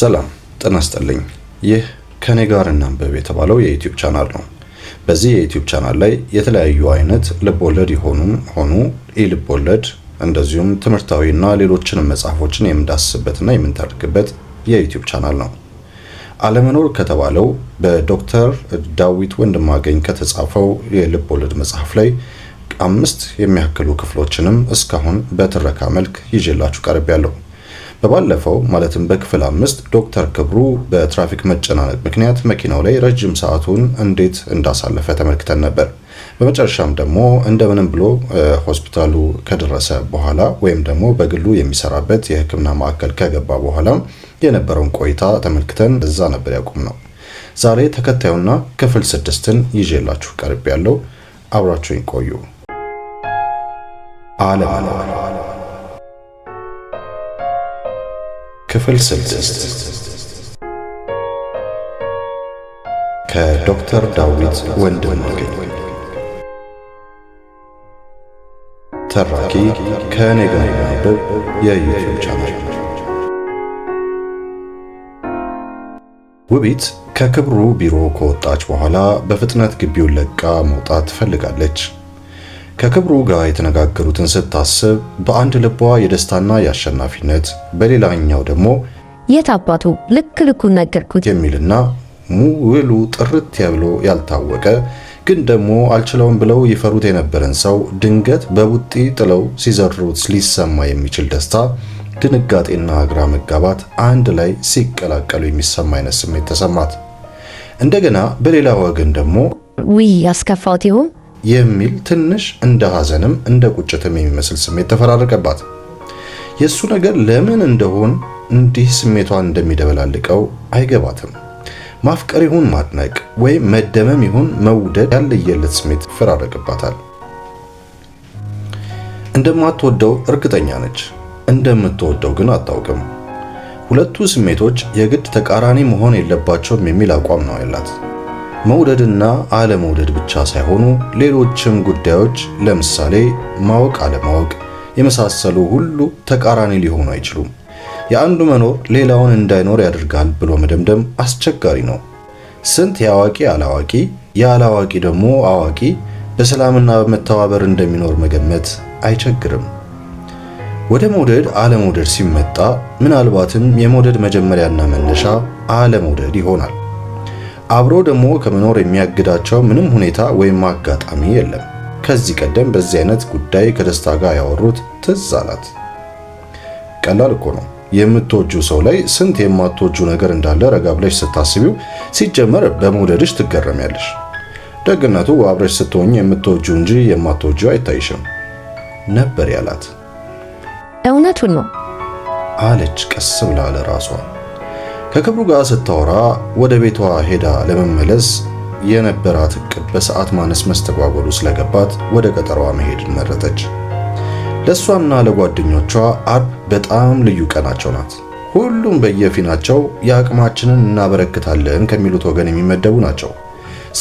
ሰላም ጤና ይስጥልኝ። ይህ ከኔ ጋር እናንብብ የተባለው የዩቲዩብ ቻናል ነው። በዚህ የዩቲዩብ ቻናል ላይ የተለያዩ አይነት ልቦለድ የሆኑም ሆኑ ኢ እንደዚሁም ትምህርታዊና ሌሎችንም መጽሐፎችን የምንዳስስበትና የምንተርክበት የዩቲዩብ ቻናል ነው። አለመኖር ከተባለው በዶክተር ዳዊት ወንድማገኝ ከተጻፈው የልቦለድ መጽሐፍ ላይ አምስት የሚያክሉ ክፍሎችንም እስካሁን በትረካ መልክ ይዤላችሁ ቀርቤያለሁ። በባለፈው ማለትም በክፍል አምስት ዶክተር ክብሩ በትራፊክ መጨናነቅ ምክንያት መኪናው ላይ ረጅም ሰዓቱን እንዴት እንዳሳለፈ ተመልክተን ነበር። በመጨረሻም ደግሞ እንደምንም ብሎ ሆስፒታሉ ከደረሰ በኋላ ወይም ደግሞ በግሉ የሚሰራበት የሕክምና ማዕከል ከገባ በኋላ የነበረውን ቆይታ ተመልክተን እዛ ነበር ያቁም ነው። ዛሬ ተከታዩና ክፍል ስድስትን ይዤላችሁ ቀርብ ያለው አብራችሁኝ ቆዩ። አለም ክፍል ስድስት ከዶክተር ዳዊት ወንድማገኝ ተራኪ ከእኔ ጋር ማንበብ የዩቲዩብ ቻናል። ውቢት ከክብሩ ቢሮ ከወጣች በኋላ በፍጥነት ግቢውን ለቃ መውጣት ትፈልጋለች። ከክብሩ ጋር የተነጋገሩትን ስታስብ በአንድ ልቧ የደስታና የአሸናፊነት በሌላኛው ደግሞ የት አባቱ ልክ ልኩን ነገርኩት የሚልና ሙሉ ጥርት ያብሎ ያልታወቀ ግን ደግሞ አልችለውም ብለው ይፈሩት የነበረን ሰው ድንገት በቡጢ ጥለው ሲዘሩት ሊሰማ የሚችል ደስታ፣ ድንጋጤና ግራ መጋባት አንድ ላይ ሲቀላቀሉ የሚሰማ አይነት ስሜት ተሰማት። እንደገና በሌላ ወገን ደግሞ ውይ አስከፋት ይሁን የሚል ትንሽ እንደ ሐዘንም እንደ ቁጭትም የሚመስል ስሜት ተፈራረቀባት። የእሱ ነገር ለምን እንደሆን እንዲህ ስሜቷን እንደሚደበላልቀው አይገባትም። ማፍቀር ይሁን ማድነቅ ወይም መደመም ይሁን መውደድ ያለየለት ስሜት ይፈራረቅባታል። እንደማትወደው እርግጠኛ ነች፣ እንደምትወደው ግን አታውቅም። ሁለቱ ስሜቶች የግድ ተቃራኒ መሆን የለባቸውም የሚል አቋም ነው ያላት። መውደድና አለመውደድ ብቻ ሳይሆኑ ሌሎችም ጉዳዮች ለምሳሌ ማወቅ አለማወቅ የመሳሰሉ ሁሉ ተቃራኒ ሊሆኑ አይችሉም። የአንዱ መኖር ሌላውን እንዳይኖር ያደርጋል ብሎ መደምደም አስቸጋሪ ነው። ስንት የአዋቂ አላዋቂ፣ የአላዋቂ ደግሞ አዋቂ በሰላምና በመተባበር እንደሚኖር መገመት አይቸግርም። ወደ መውደድ አለመውደድ ሲመጣ ምናልባትም የመውደድ መጀመሪያና መነሻ አለመውደድ ይሆናል። አብሮ ደግሞ ከመኖር የሚያግዳቸው ምንም ሁኔታ ወይም አጋጣሚ የለም። ከዚህ ቀደም በዚህ አይነት ጉዳይ ከደስታ ጋር ያወሩት ትዝ አላት። ቀላል እኮ ነው። የምትወጁ ሰው ላይ ስንት የማትወጁ ነገር እንዳለ ረጋ ብለሽ ስታስቢው ሲጀመር በመውደድሽ ትገረሚያለሽ። ደግነቱ አብረሽ ስትሆኝ የምትወጁ እንጂ የማትወጁ አይታይሽም ነበር ያላት። እውነቱን ነው አለች ቀስ ብላ ለራሷ። ከክብሩ ጋር ስታወራ ወደ ቤቷ ሄዳ ለመመለስ የነበራት እቅድ በሰዓት ማነስ መስተጓጎሉ ስለገባት ወደ ቀጠሯ መሄድን መረጠች። ለእሷና ለጓደኞቿ አርብ በጣም ልዩ ቀናቸው ናት። ሁሉም በየፊናቸው የአቅማችንን እናበረክታለን ከሚሉት ወገን የሚመደቡ ናቸው።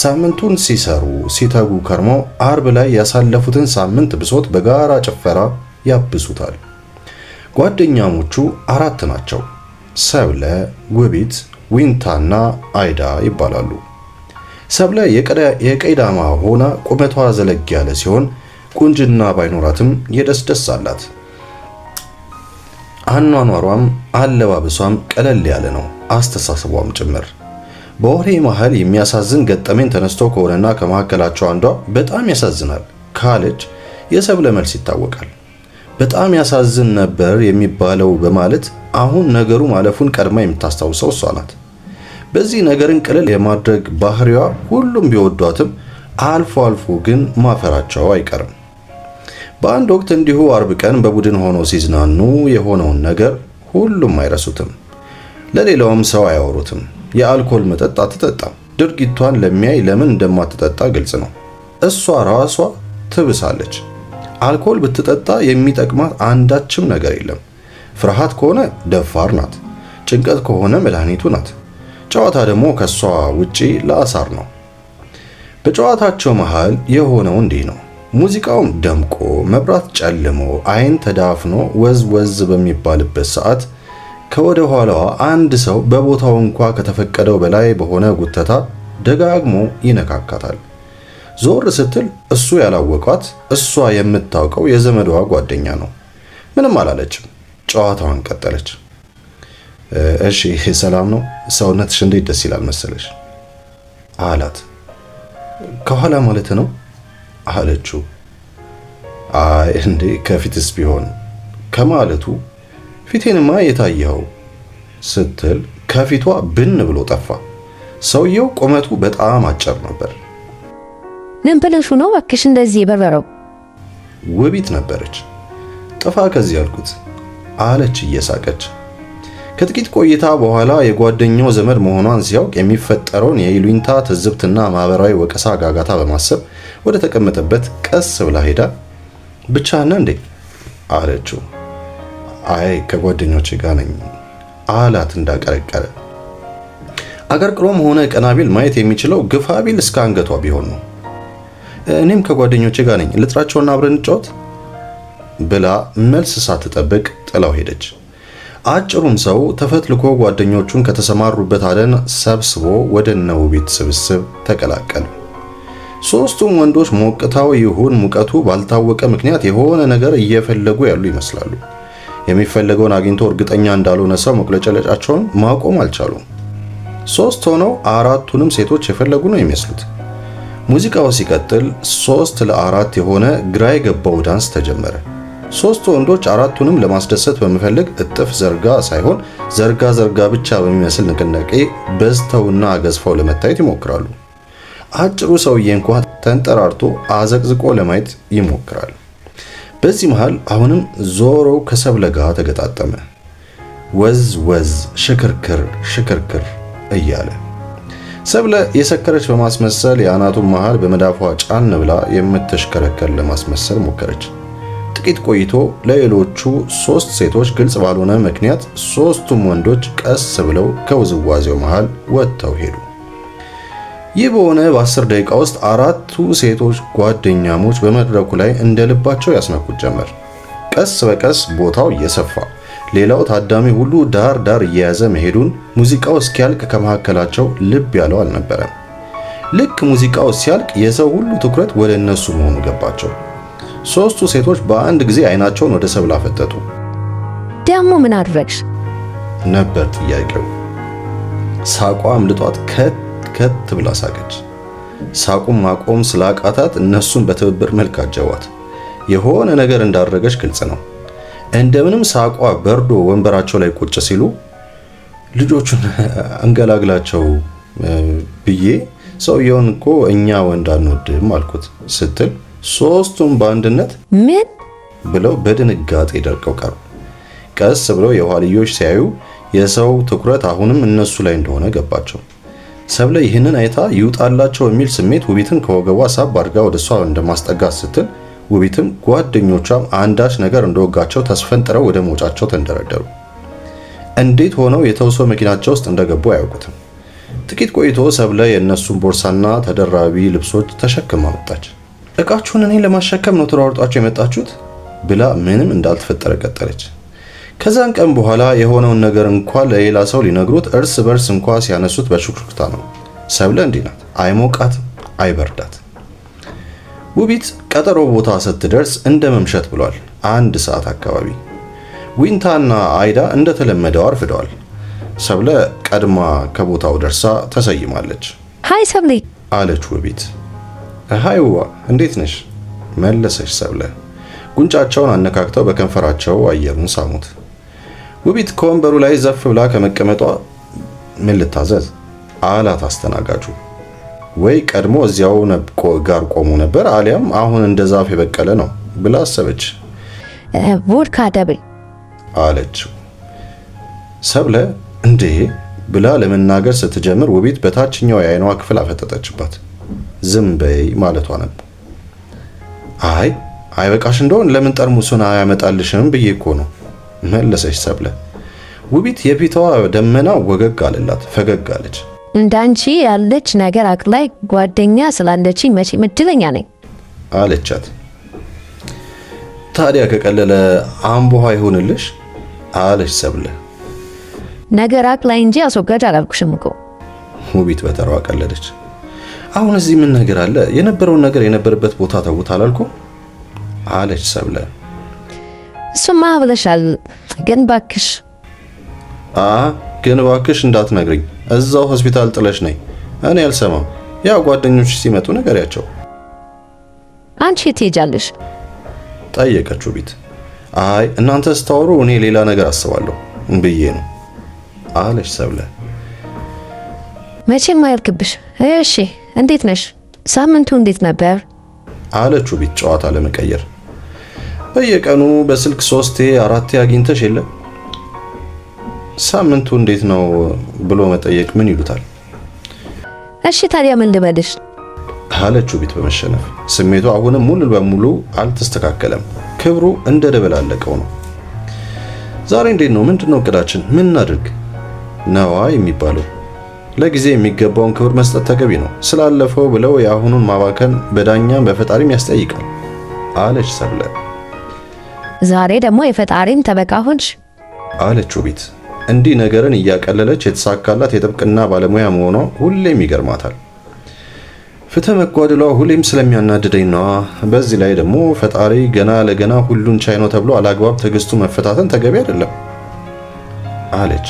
ሳምንቱን ሲሰሩ ሲተጉ ከርመው አርብ ላይ ያሳለፉትን ሳምንት ብሶት በጋራ ጭፈራ ያብሱታል። ጓደኛሞቹ አራት ናቸው። ሰብለ፣ ውቢት፣ ዊንታና አይዳ ይባላሉ። ሰብለ የቀይዳማ ሆና ቁመቷ ዘለግ ያለ ሲሆን ቁንጅና ባይኖራትም የደስደስ አላት። አኗኗሯም አለባበሷም ቀለል ያለ ነው፣ አስተሳሰቧም ጭምር። በወሬ መሀል የሚያሳዝን ገጠመኝ ተነስቶ ከሆነና ከመካከላቸው አንዷ በጣም ያሳዝናል ካለች የሰብለ መልስ ይታወቃል። በጣም ያሳዝን ነበር የሚባለው በማለት አሁን ነገሩ ማለፉን ቀድማ የምታስታውሰው እሷ ናት። በዚህ ነገርን ቅልል የማድረግ ባህሪዋ ሁሉም ቢወዷትም አልፎ አልፎ ግን ማፈራቸው አይቀርም። በአንድ ወቅት እንዲሁ አርብ ቀን በቡድን ሆኖ ሲዝናኑ የሆነውን ነገር ሁሉም አይረሱትም፣ ለሌላውም ሰው አያወሩትም። የአልኮል መጠጥ አትጠጣም። ድርጊቷን ለሚያይ ለምን እንደማትጠጣ ግልጽ ነው። እሷ ራሷ ትብሳለች። አልኮል ብትጠጣ የሚጠቅማት አንዳችም ነገር የለም። ፍርሃት ከሆነ ደፋር ናት፣ ጭንቀት ከሆነ መድኃኒቱ ናት። ጨዋታ ደግሞ ከሷ ውጪ ለአሳር ነው። በጨዋታቸው መሃል የሆነው እንዲህ ነው። ሙዚቃውም ደምቆ መብራት ጨልሞ አይን ተዳፍኖ ወዝ ወዝ በሚባልበት ሰዓት ከወደ ኋላዋ አንድ ሰው በቦታው እንኳ ከተፈቀደው በላይ በሆነ ጉተታ ደጋግሞ ይነካካታል። ዞር ስትል እሱ ያላወቋት እሷ የምታውቀው የዘመዷ ጓደኛ ነው። ምንም አላለችም። ጨዋታዋን ቀጠለች። እሺ ይሄ ሰላም ነው፣ ሰውነትሽ እንዴት ደስ ይላል መሰለሽ አላት። ከኋላ ማለት ነው አለችው። አይ እንዴ ከፊትስ ቢሆን ከማለቱ ፊቴንማ የታየኸው ስትል ከፊቷ ብን ብሎ ጠፋ። ሰውየው ቁመቱ በጣም አጭር ነበር። ምን ነው እባክሽ እንደዚህ የበረረው? ውቢት ነበረች። ጥፋ ከዚህ አልኩት። አለች እየሳቀች። ከጥቂት ቆይታ በኋላ የጓደኛው ዘመድ መሆኗን ሲያውቅ የሚፈጠረውን የይሉኝታ ትዝብትና ማህበራዊ ወቀሳ ጋጋታ በማሰብ ወደ ተቀመጠበት ቀስ ብላ ሄዳ ብቻህን እንዴ አለችው። አይ ከጓደኞች ጋር ነኝ አላት እንዳቀረቀረ። አቀርቅሮም ሆነ ቀናቢል ማየት የሚችለው ግፋቢል እስከ አንገቷ ቢሆን ነው። እኔም ከጓደኞቼ ጋር ነኝ ልጥራቸውና አብረን እንጫወት ብላ መልስ ሳትጠብቅ ጥላው ሄደች። አጭሩን ሰው ተፈትልኮ ጓደኞቹን ከተሰማሩበት አደን ሰብስቦ ወደ ነው ቤት ስብስብ ተቀላቀለ። ሦስቱም ወንዶች ሞቅታው ይሁን ሙቀቱ ባልታወቀ ምክንያት የሆነ ነገር እየፈለጉ ያሉ ይመስላሉ። የሚፈለገውን አግኝቶ እርግጠኛ እንዳልሆነ ሰው መቁለጨለጫቸውን ማቆም አልቻሉም። ሶስት ሆነው አራቱንም ሴቶች የፈለጉ ነው የሚመስሉት። ሙዚቃው ሲቀጥል ሶስት ለአራት የሆነ ግራ የገባው ዳንስ ተጀመረ። ሶስት ወንዶች አራቱንም ለማስደሰት በመፈለግ እጥፍ ዘርጋ ሳይሆን ዘርጋ ዘርጋ ብቻ በሚመስል ንቅናቄ በዝተውና አገዝፈው ለመታየት ይሞክራሉ። አጭሩ ሰውዬ እንኳ ተንጠራርቶ አዘቅዝቆ ለማየት ይሞክራል። በዚህ መሃል አሁንም ዞሮ ከሰብለ ጋር ተገጣጠመ። ወዝ ወዝ፣ ሽክርክር ሽክርክር እያለ ሰብለ የሰከረች በማስመሰል የአናቱን መሃል በመዳፏ ጫን ብላ የምትሽከረከር ለማስመሰል ሞከረች። ጥቂት ቆይቶ ለሌሎቹ ሶስት ሴቶች ግልጽ ባልሆነ ምክንያት ሶስቱም ወንዶች ቀስ ብለው ከውዝዋዜው መሃል ወጥተው ሄዱ። ይህ በሆነ በአስር ደቂቃ ውስጥ አራቱ ሴቶች ጓደኛሞች በመድረኩ ላይ እንደ ልባቸው ያስነኩት ጀመር። ቀስ በቀስ ቦታው እየሰፋ ሌላው ታዳሚ ሁሉ ዳር ዳር እየያዘ መሄዱን ሙዚቃው እስኪያልቅ ከመካከላቸው ልብ ያለው አልነበረም። ልክ ሙዚቃው ሲያልቅ የሰው ሁሉ ትኩረት ወደ እነሱ መሆኑ ገባቸው። ሦስቱ ሴቶች በአንድ ጊዜ አይናቸውን ወደ ሰብል አፈጠጡ። ደግሞ ምን አድረግሽ ነበር ጥያቄው። ሳቋ አምልጧት ከት ከት ብላ ሳቀች። ሳቁም ማቆም ስላቃታት እነሱን በትብብር መልክ አጀቧት። የሆነ ነገር እንዳደረገች ግልጽ ነው። እንደምንም ሳቋ በርዶ ወንበራቸው ላይ ቁጭ ሲሉ ልጆቹን አንገላግላቸው ብዬ ሰውየውን እኮ እኛ ወንድ አንወድም አልኩት ስትል ሶስቱም በአንድነት ምን ብለው በድንጋጤ ደርቀው ቀሩ። ቀስ ብለው የኋልዮሽ ሲያዩ የሰው ትኩረት አሁንም እነሱ ላይ እንደሆነ ገባቸው። ሰብለ ይህንን አይታ ይውጣላቸው የሚል ስሜት ውቢትን ከወገቧ ሳብ አድርጋ ወደ እሷ እንደማስጠጋት ስትል ውቢትም ጓደኞቿም አንዳች ነገር እንደወጋቸው ተስፈንጥረው ወደ መውጫቸው ተንደረደሩ። እንዴት ሆነው የተውሶ መኪናቸው ውስጥ እንደገቡ አያውቁትም። ጥቂት ቆይቶ ሰብለ የእነሱን ቦርሳና ተደራቢ ልብሶች ተሸክማ መጣች። እቃችሁን እኔ ለማሸከም ነው ተሯርጧችሁ የመጣችሁት ብላ ምንም እንዳልተፈጠረ ቀጠለች። ከዛን ቀን በኋላ የሆነውን ነገር እንኳን ለሌላ ሰው ሊነግሩት እርስ በርስ እንኳ ሲያነሱት በሹክሹክታ ነው። ሰብለ እንዲህ ናት፣ አይሞቃትም፣ አይበርዳት። ውቢት ቀጠሮ ቦታ ስትደርስ እንደ መምሸት ብሏል። አንድ ሰዓት አካባቢ ዊንታና አይዳ እንደተለመደው አርፍደዋል። ሰብለ ቀድማ ከቦታው ደርሳ ተሰይማለች። ሀይ ሰብለ አለች ውቢት እሃይዋ እንዴት ነሽ መለሰች ሰብለ። ጉንጫቸውን አነካክተው በከንፈራቸው አየሩን ሳሙት። ውቢት ከወንበሩ ላይ ዘፍ ብላ ከመቀመጧ ምን ልታዘዝ አላት አስተናጋጁ። ወይ ቀድሞ እዚያው ጋር ቆሞ ነበር አሊያም አሁን እንደ ዛፍ የበቀለ ነው ብላ አሰበች። ቮድካ ደብል አለችው። ሰብለ እንዴ ብላ ለመናገር ስትጀምር ውቢት በታችኛው የአይኗ ክፍል አፈጠጠችባት። ዝም በይ ማለቷ ነበር። አይ አይበቃሽ እንደሆን ለምን ጠርሙሱን አያመጣልሽም ብዬ እኮ ነው መለሰች ሰብለ። ውቢት የፊቷ ደመና ወገግ አለላት። ፈገግ አለች። እንዳንቺ ያለች ነገር ላይ ጓደኛ ስላለች መቼ ምድለኛ ነኝ አለቻት። ታዲያ ከቀለለ አምቦሃ ይሆንልሽ አለች ሰብለ። ነገር ላይ እንጂ አስወጋጅ አላልኩሽም እኮ። ውቢት በተሯ ቀለለች። አሁን እዚህ ምን ነገር አለ? የነበረውን ነገር የነበረበት ቦታ ተውት አላልኩ አለች ሰብለ። እሱማ ብለሻል፣ ግን ባክሽ አ ግን ባክሽ እንዳትነግሪኝ፣ እዛው ሆስፒታል ጥለሽ ነኝ። እኔ አልሰማም። ያው ጓደኞች ሲመጡ ንገሪያቸው። አንቺ ትሄጃለሽ? ጠየቀችው ቤት። አይ እናንተ ስታወሩ እኔ ሌላ ነገር አስባለሁ ብዬ ነው አለች ሰብለ። መቼም አይልክብሽ። እሺ እንዴት ነሽ? ሳምንቱ እንዴት ነበር? አለችው ቢት ጨዋታ ለመቀየር በየቀኑ በስልክ ሶስቴ አራቴ አግኝተሽ የለም? ሳምንቱ እንዴት ነው ብሎ መጠየቅ ምን ይሉታል? እሺ ታዲያ ምን ልበልሽ? አለችው ቢት በመሸነፍ ስሜቱ አሁንም ሙሉ በሙሉ አልተስተካከለም። ክብሩ እንደደበላለቀው ነው። ዛሬ እንዴት ነው? ምንድን ነው እቅዳችን? ምን እናድርግ ነዋ የሚባለው ለጊዜ የሚገባውን ክብር መስጠት ተገቢ ነው። ስላለፈው ብለው የአሁኑን ማባከን በዳኛም በፈጣሪም ያስጠይቃል አለች ሰብለ። ዛሬ ደግሞ የፈጣሪም ተበቃ ሆንሽ አለች ውቢት። እንዲህ ነገርን እያቀለለች የተሳካላት የጥብቅና ባለሙያ መሆኗ ሁሌም ይገርማታል። ፍትህ መጓደሏ ሁሌም ስለሚያናድደኝ ነዋ። በዚህ ላይ ደግሞ ፈጣሪ ገና ለገና ሁሉን ቻይ ነው ተብሎ አላግባብ ትዕግስቱ መፈታተን ተገቢ አይደለም አለች።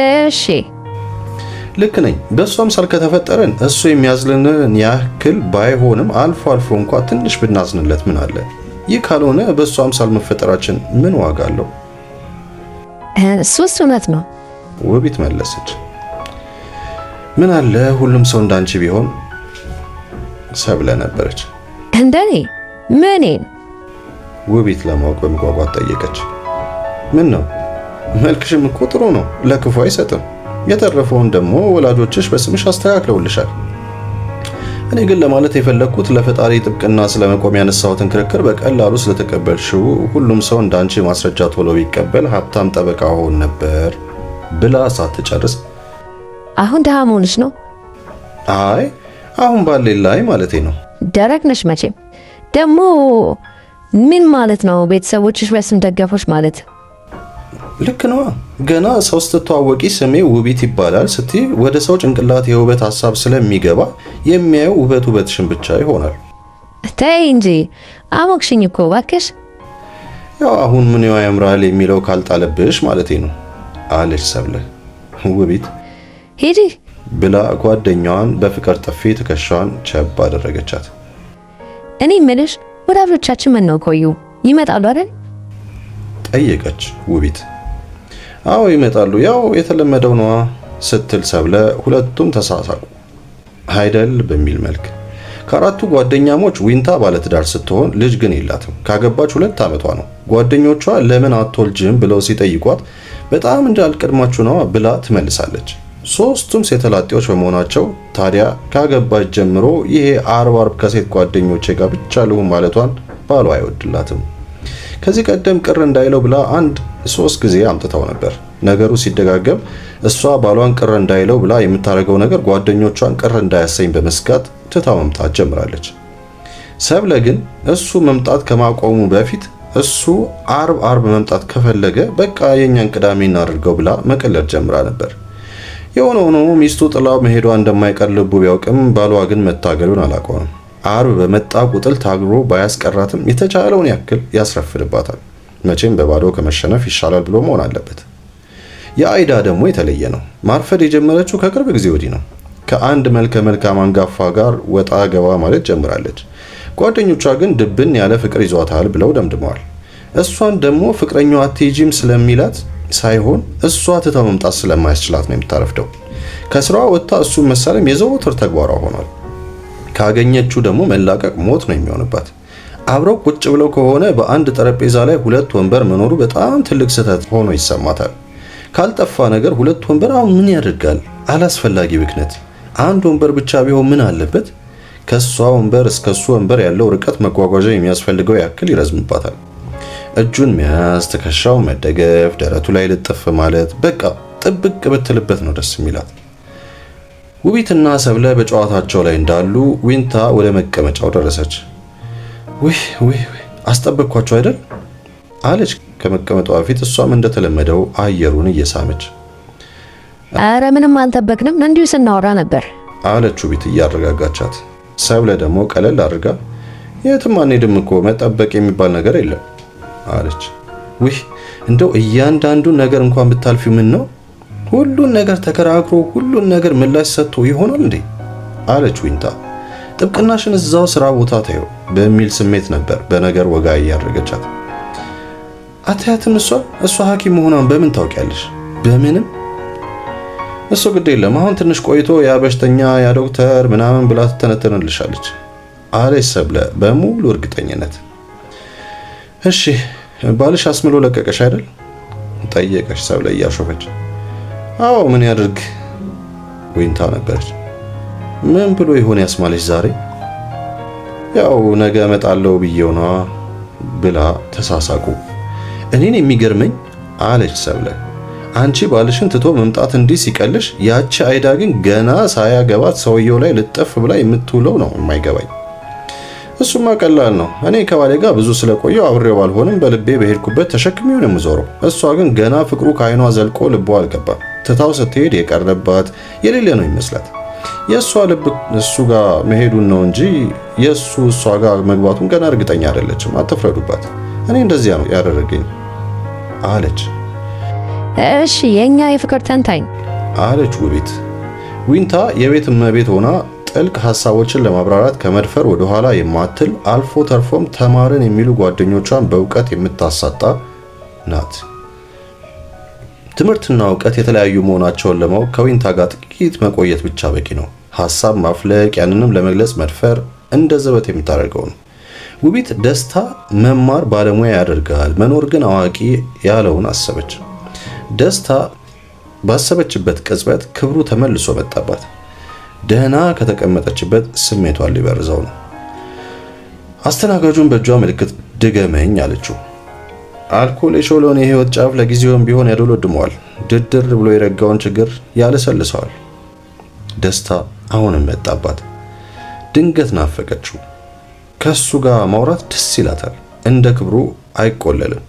እሺ ልክ ነኝ። በእሷም ሳል ከተፈጠረን እሱ የሚያዝልንን ያክል ባይሆንም አልፎ አልፎ እንኳ ትንሽ ብናዝንለት ምን አለ? ይህ ካልሆነ በእሷም ሳል መፈጠራችን ምን ዋጋ አለው? እሱስ እውነት ነው። ውቢት መለሰች። ምን አለ ሁሉም ሰው እንዳንቺ ቢሆን ሰብለ ነበረች። እንደኔ ምኔን? ውቢት ለማወቅ በመጓጓት ጠየቀች። ምን ነው መልክሽም እኮ ጥሩ ነው፣ ለክፉ አይሰጥም። የተረፈውን ደግሞ ወላጆችሽ በስምሽ አስተካክለውልሻል። እኔ ግን ለማለት የፈለግኩት ለፈጣሪ ጥብቅና ስለመቆም ያነሳሁትን ክርክር በቀላሉ ስለተቀበልሽው ሁሉም ሰው እንዳንቺ ማስረጃ ቶሎ ቢቀበል ሀብታም ጠበቃ ሆን ነበር ብላ ሳትጨርስ አሁን ደሃ መሆንሽ ነው። አይ አሁን ባሌ ላይ ማለቴ ነው። ደረቅ ነሽ መቼም ደግሞ ምን ማለት ነው? ቤተሰቦችሽ በስም ደገፎች ማለት ልክ ነዋ። ገና ሰው ስትተዋወቂ ስሜ ውቢት ይባላል ስቲ ወደ ሰው ጭንቅላት የውበት ሀሳብ ስለሚገባ የሚያየው ውበት ውበትሽን ብቻ ይሆናል። ተይ እንጂ አሞክሽኝ እኮ እባክሽ። ያው አሁን ምን ያምራል የሚለው ካልጣለብሽ ማለቴ ነው አለች ሰብለ። ውቢት ሂጂ ብላ ጓደኛዋን በፍቅር ጥፊ ትከሻዋን ቸብ አደረገቻት። እኔ ምልሽ ወዳጆቻችን ምን ነው ቆዩ ይመጣሉ አይደል? ጠየቀች ውቢት። አዎ ይመጣሉ፣ ያው የተለመደው ነዋ ስትል ሰብለ ሁለቱም ተሳሳቁ። አይደል በሚል መልክ ከአራቱ ጓደኛሞች ዊንታ ባለትዳር ስትሆን ልጅ ግን የላትም። ካገባች ሁለት ዓመቷ ነው። ጓደኞቿ ለምን አትወልጅም ብለው ሲጠይቋት በጣም እንዳልቀድማችሁ ነዋ ብላ ትመልሳለች። ሶስቱም ሴተላጤዎች በመሆናቸው ታዲያ ካገባች ጀምሮ ይሄ አርብ አርብ ከሴት ጓደኞቼ ጋር ብቻ ልሁን ማለቷን ባሏ አይወድላትም። ከዚህ ቀደም ቅር እንዳይለው ብላ አንድ ሶስት ጊዜ አምጥተው ነበር። ነገሩ ሲደጋገም እሷ ባሏን ቅር እንዳይለው ብላ የምታደርገው ነገር ጓደኞቿን ቅር እንዳያሰኝ በመስጋት ትታ መምጣት ጀምራለች። ሰብለ ግን እሱ መምጣት ከማቆሙ በፊት እሱ አርብ አርብ መምጣት ከፈለገ በቃ የእኛን ቅዳሜ እናደርገው ብላ መቀለድ ጀምራ ነበር። የሆነ ሆኖ ሚስቱ ጥላው መሄዷ እንደማይቀር ልቡ ቢያውቅም ባሏ ግን መታገሉን አላቆምም። አርብ በመጣ ቁጥል ታግሮ ባያስቀራትም የተቻለውን ያክል ያስረፍድባታል። መቼም በባዶ ከመሸነፍ ይሻላል ብሎ መሆን አለበት። የአይዳ ደግሞ የተለየ ነው። ማርፈድ የጀመረችው ከቅርብ ጊዜ ወዲህ ነው። ከአንድ መልከ መልካም አንጋፋ ጋር ወጣ ገባ ማለት ጀምራለች። ጓደኞቿ ግን ድብን ያለ ፍቅር ይዟታል ብለው ደምድመዋል። እሷን ደግሞ ፍቅረኛዋ አትሄጂም ስለሚላት ሳይሆን እሷ ትተው መምጣት ስለማያስችላት ነው የምታረፍደው። ከስራዋ ወጥታ እሱን መሳለም የዘወትር ተግባሯ ሆኗል። ካገኘችው ደግሞ መላቀቅ ሞት ነው የሚሆንባት። አብረው ቁጭ ብለው ከሆነ በአንድ ጠረጴዛ ላይ ሁለት ወንበር መኖሩ በጣም ትልቅ ስህተት ሆኖ ይሰማታል። ካልጠፋ ነገር ሁለት ወንበር አሁን ምን ያደርጋል? አላስፈላጊ ብክነት። አንድ ወንበር ብቻ ቢሆን ምን አለበት? ከሷ ወንበር እስከ እሱ ወንበር ያለው ርቀት መጓጓዣ የሚያስፈልገው ያክል ይረዝምባታል። እጁን መያዝ፣ ትከሻውን መደገፍ፣ ደረቱ ላይ ልጥፍ ማለት በቃ ጥብቅ ብትልበት ነው ደስ የሚላት። ውቢትና ሰብለ በጨዋታቸው ላይ እንዳሉ ዊንታ ወደ መቀመጫው ደረሰች። ውህ ውህ አስጠበቅኳቸው አይደል አለች ከመቀመጧ በፊት እሷም እንደተለመደው አየሩን እየሳመች። አረ ምንም አልጠበቅንም እንዲሁ ስናወራ ነበር አለች ውቢት እያረጋጋቻት። ሰብለ ደግሞ ቀለል አድርጋ የትም አንሄድም እኮ መጠበቅ የሚባል ነገር የለም አለች። ውህ እንደው እያንዳንዱን ነገር እንኳን ብታልፊው ምን ነው ሁሉን ነገር ተከራክሮ ሁሉን ነገር ምላሽ ሰጥቶ ይሆናል እንዴ? አለች ዊንታ። ጥብቅናሽን እዛው ስራ ቦታ ታየው በሚል ስሜት ነበር በነገር ወጋ እያደረገቻት። አታያትም? እሷ እሷ ሐኪም መሆኗን በምን ታውቂያለሽ? በምንም እሱ ግድ የለም አሁን ትንሽ ቆይቶ ያ በሽተኛ ያ ዶክተር ምናምን ብላ ትተነተንልሻለች አለች ሰብለ በሙሉ እርግጠኝነት። እሺ ባልሽ አስምሎ ለቀቀሽ አይደል? ጠየቀች ሰብለ እያሾፈች አዎ ምን ያድርግ? ዊንታ ነበረች። ምን ብሎ ይሆን ያስማለች ዛሬ? ያው ነገ እመጣለሁ ብዬው ነዋ ብላ ተሳሳቁ። እኔን የሚገርመኝ አለች ሰብለ፣ አንቺ ባልሽን ትቶ መምጣት እንዲህ ሲቀልሽ፣ ያቺ አይዳ ግን ገና ሳያገባት ሰውየው ላይ ልጠፍ ብላ የምትውለው ነው የማይገባኝ። እሱማ ቀላል ነው። እኔ ከባሌ ጋር ብዙ ስለቆየው አብሬው ባልሆንም በልቤ በሄድኩበት ተሸክሜው ነው የምዞረው። እሷ ግን ገና ፍቅሩ ከአይኗ ዘልቆ ልቦ አልገባም። ትታው ስትሄድ የቀረባት የሌለ ነው ይመስላት። የእሷ ልብ እሱ ጋር መሄዱን ነው እንጂ የእሱ እሷ ጋር መግባቱን ገና እርግጠኛ አይደለችም። አትፍረዱባት። እኔ እንደዚያ ነው ያደረገኝ አለች። እሺ የእኛ የፍቅር ተንታኝ አለች ውቤት። ዊንታ የቤት እመቤት ሆና ጥልቅ ሀሳቦችን ለማብራራት ከመድፈር ወደኋላ የማትል አልፎ ተርፎም ተማርን የሚሉ ጓደኞቿን በእውቀት የምታሳጣ ናት። ትምህርትና እውቀት የተለያዩ መሆናቸውን ለማወቅ ከዊንታ ጋር ጥቂት መቆየት ብቻ በቂ ነው። ሀሳብ ማፍለቅ፣ ያንንም ለመግለጽ መድፈር እንደ ዘበት የምታደርገው ነው። ውቢት ደስታ መማር ባለሙያ ያደርጋል፣ መኖር ግን አዋቂ ያለውን አሰበች። ደስታ ባሰበችበት ቅጽበት ክብሩ ተመልሶ መጣባት። ደህና ከተቀመጠችበት ስሜቷን ሊበርዘው ነው። አስተናጋጁን በእጇ ምልክት ድገመኝ አለችው። አልኮል የሾለውን የህይወት ጫፍ ለጊዜውም ቢሆን ያዶለድመዋል። ድድር ብሎ የረጋውን ችግር ያለሰልሰዋል። ደስታ አሁንም መጣባት። ድንገት ናፈቀችው። ከሱ ጋር ማውራት ደስ ይላታል። እንደ ክብሩ አይቆለልም።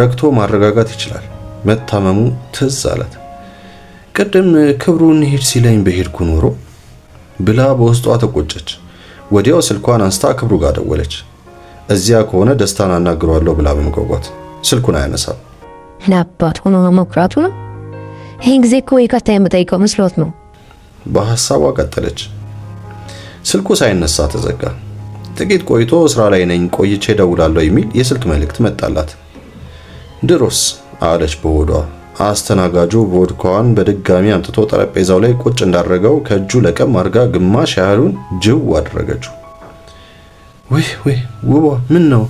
ረግቶ ማረጋጋት ይችላል። መታመሙ ትዝ አላት። ቅድም ክብሩ እንሂድ ሲለኝ በሄድኩ ኖሮ ብላ በውስጧ ተቆጨች። ወዲያው ስልኳን አንስታ ክብሩ ጋር ደወለች። እዚያ ከሆነ ደስታን አናግረዋለሁ ብላ በመጓጓት ስልኩን አያነሳም። ለአባት ሆኖ መኩራቱ ነው። ይህን ጊዜ እኮ ይቅርታ የምጠይቀው መስሎት ነው። በሐሳቧ ቀጠለች። ስልኩ ሳይነሳ ተዘጋ። ጥቂት ቆይቶ ስራ ላይ ነኝ፣ ቆይቼ ደውላለሁ የሚል የስልክ መልእክት መጣላት። ድሮስ አለች በሆዷ። አስተናጋጁ ቦድካዋን በድጋሚ አምጥቶ ጠረጴዛው ላይ ቁጭ እንዳደረገው ከእጁ ለቀም አድርጋ ግማሽ ያህሉን ጅው አደረገችው። ወይ ወይ ውቧ፣ ምን ነው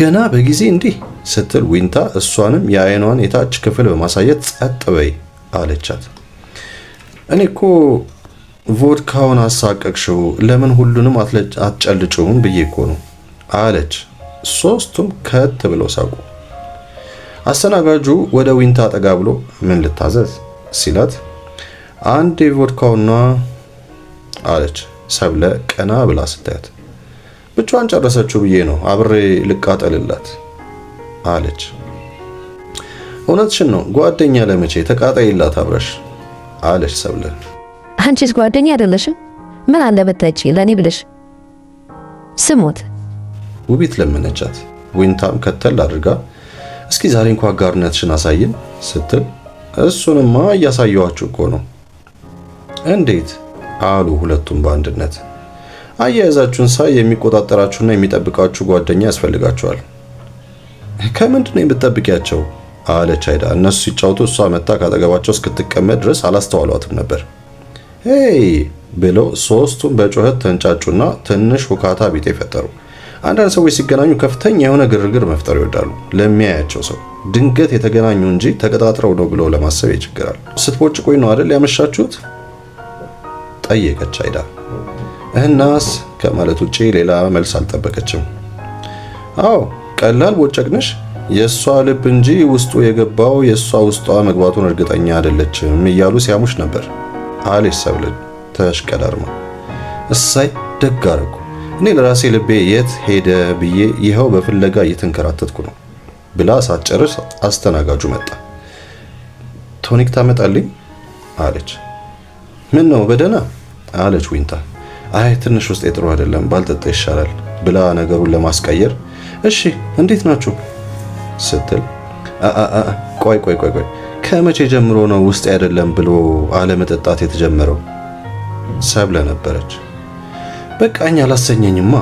ገና በጊዜ እንዲህ ስትል ዊንታ እሷንም የአይኗን የታች ክፍል በማሳየት ጸጥ በይ አለቻት። እኔ እኮ ቮድካውን አሳቀቅሽው ለምን ሁሉንም አትጨልጭውም ብዬ እኮ ነው አለች። ሶስቱም ከት ብለው ሳቁ። አስተናጋጁ ወደ ዊንታ ጠጋ ብሎ ምን ልታዘዝ ሲላት አንድ የቮድካውና አለች። ሰብለ ቀና ብላ ስታያት ብቻዋን ጨረሰችው ብዬ ነው አብሬ ልቃጠልላት አለች። እውነትሽን ነው ጓደኛ ለመቼ ተቃጣይላት አብረሽ አለች ሰብለ። አንቺስ ጓደኛ አይደለሽም? ምን አለ በታች ለኔ ብለሽ ስሙት። ውቢት ለመነቻት። ዊንታም ከተል አድርጋ እስኪ ዛሬ እንኳ አጋርነትሽን አሳይን ስትል እሱንማ እያሳየዋችሁ እኮ ነው። እንዴት አሉ ሁለቱም በአንድነት። አያያዛችሁን ሳይ የሚቆጣጠራችሁና የሚጠብቃችሁ ጓደኛ ያስፈልጋችኋል። ከምንድን ነው የምትጠብቂያቸው? አለች አይዳ። እነሱ ሲጫወቱ እሷ መታ ካጠገባቸው እስክትቀመጥ ድረስ አላስተዋሏትም ነበር። ሄይ ብለው ሶስቱም በጩኸት ተንጫጩና ትንሽ ሁካታ ቢጤ ፈጠሩ። አንዳንድ ሰዎች ሲገናኙ ከፍተኛ የሆነ ግርግር መፍጠር ይወዳሉ። ለሚያያቸው ሰው ድንገት የተገናኙ እንጂ ተቀጣጥረው ነው ብለው ለማሰብ ይቸግራል። ስትቦጭቆኝ ነው አይደል ያመሻችሁት? ጠየቀች አይዳ። እህናስ ከማለት ውጪ ሌላ መልስ አልጠበቀችም። አዎ ቀላል ቦጨቅ የእሷ ልብ እንጂ ውስጡ የገባው የእሷ ውስጧ መግባቱን እርግጠኛ አይደለችም እያሉ ሲያሙሽ ነበር አለች ሰብልን ተሽቀዳርማ። እሳይ ደግ አደረኩ። እኔ ለራሴ ልቤ የት ሄደ ብዬ ይኸው በፍለጋ እየተንከራተትኩ ነው ብላ ሳትጨርስ አስተናጋጁ መጣ። ቶኒክ ታመጣልኝ አለች። ምን ነው በደህና አለች ዊንታ። አይ ትንሽ ውስጥ የጥሩ አይደለም ባልጠጣ ይሻላል ብላ ነገሩን ለማስቀየር እሺ እንዴት ናችሁ ስትል ቆይ ቆይ ቆይ ቆይ ከመቼ ጀምሮ ነው ውስጥ አይደለም ብሎ አለመጠጣት የተጀመረው? ሰብለ ነበረች። በቃኝ አላሰኘኝማ።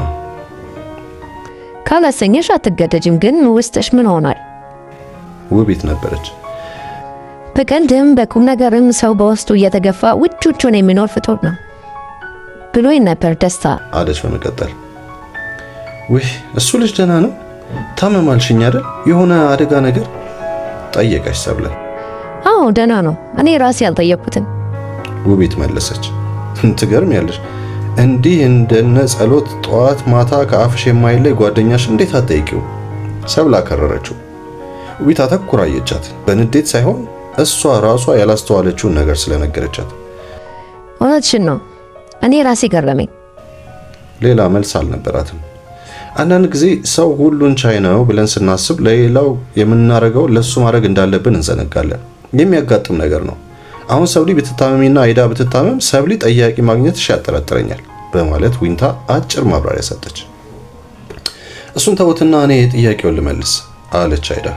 ካላሰኘሽ አትገደጅም፣ ግን ውስጥሽ ምን ሆኗል? ውቢት ነበረች። በቀልድም በቁም ነገርም ሰው በውስጡ እየተገፋ ውጮቹን የሚኖር ፍጡር ነው ብሎኝ ነበር ደስታ አለች በመቀጠል ውህ እሱ ልጅ ደህና ነው? ታመማልሽኝ አይደል? የሆነ አደጋ ነገር ጠየቀች ሰብለ። አዎ ደህና ነው፣ እኔ ራሴ ያልጠየኩትን ውቤት መለሰች። ትገርም ያለሽ እንዲህ እንደነ ጸሎት ጠዋት ማታ ከአፍሽ የማይለይ ጓደኛሽ እንዴት አትጠይቂው? ሰብላ ከረረችው። ውቢት አተኩራ አየቻት፣ በንዴት ሳይሆን እሷ ራሷ ያላስተዋለችውን ነገር ስለነገረቻት። እውነትሽን ነው፣ እኔ ራሴ ገረመኝ። ሌላ መልስ አልነበራትም። አንዳንድ ጊዜ ሰው ሁሉን ቻይ ነው ብለን ስናስብ ለሌላው የምናደርገው ለሱ ማድረግ እንዳለብን እንዘነጋለን። የሚያጋጥም ነገር ነው። አሁን ሰብሊ ብትታመሚና አይዳ ብትታመም ሰብሊ ጠያቂ ማግኘት ያጠራጥረኛል በማለት ዊንታ አጭር ማብራሪያ ሰጠች። እሱን ተውትና እኔ ጥያቄውን ልመልስ አለች አይዳ።